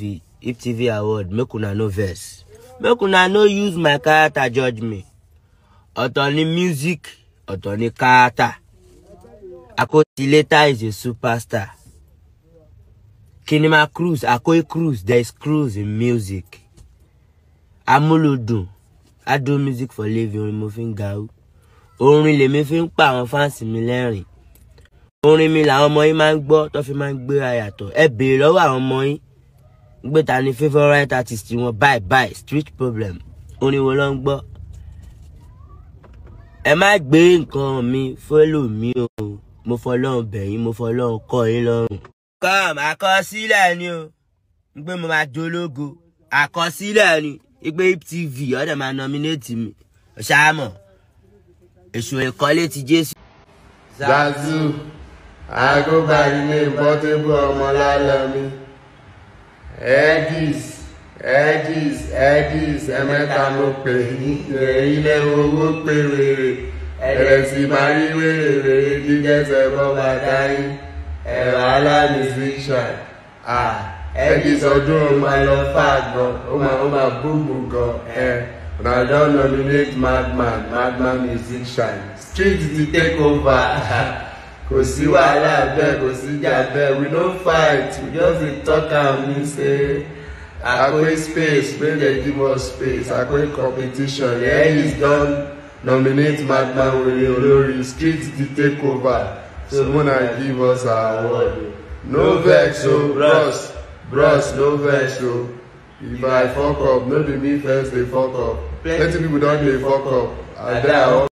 tv if tv award make una no vex make una no use my character judge me ọ̀tọ̀ music ọ̀tọ̀ ni character akoti later is a superstar kinema cruise akoi cruise there is cruise in music amúlùdùn i do music for living orin mo fi ń ga o orin lèmi fi ń pa àwọn fáǹsì mi lẹ́rìn orin mi làwọn ọmọ yín máa ń gbọ́ tó fi máa ń gbéra yàtọ̀ ẹ béèrè lọ́wọ́ àwọn ọmọ yín gbé ta ni favourite artist wọn bye bye street problem orin wo ló ń gbọ́ ẹ má gbé nǹkan mi fólò mi o mo fọlọ́run bẹ̀yìn mo fọlọ́run kọ́ yín lọ́rùn. kọ́m àkọsílẹ̀ ni o pé mo máa dológo àkọsílẹ̀ ni pé tv ọ̀dẹ̀ máa nọmínétì mi ṣáàmọ̀ èso ìkọ́lé ti jésù. zazu agogo àyìnbó portable ọmọ lálẹ́ mi edis edis edis ẹ̀mẹ́ta ló pè yín ilé owó pé wèrè ẹ̀rẹ̀sì máa rí wèrè wèrè dídẹ́sẹ̀ bọ́ bàtà yín ẹ̀rọ aláàmìsíṣà à edis ọdún ó máa lọ fà gan ó máa ó máa búùmù gan ẹ̀ Random nominate madman madman musician street dey take over. kò sí wàhálà bẹ́ẹ̀ kò sí ìjà bẹ́ẹ̀ we no fight we just dey talk am mean say akwe space wey dey give us space akwe competition yearlys don nominate madman were olori street the takeover so muna give us our award no vex o oh, bros bros no vex o oh. if i fok up no be me first dey fok up plenty pipo don dey fok up I ada.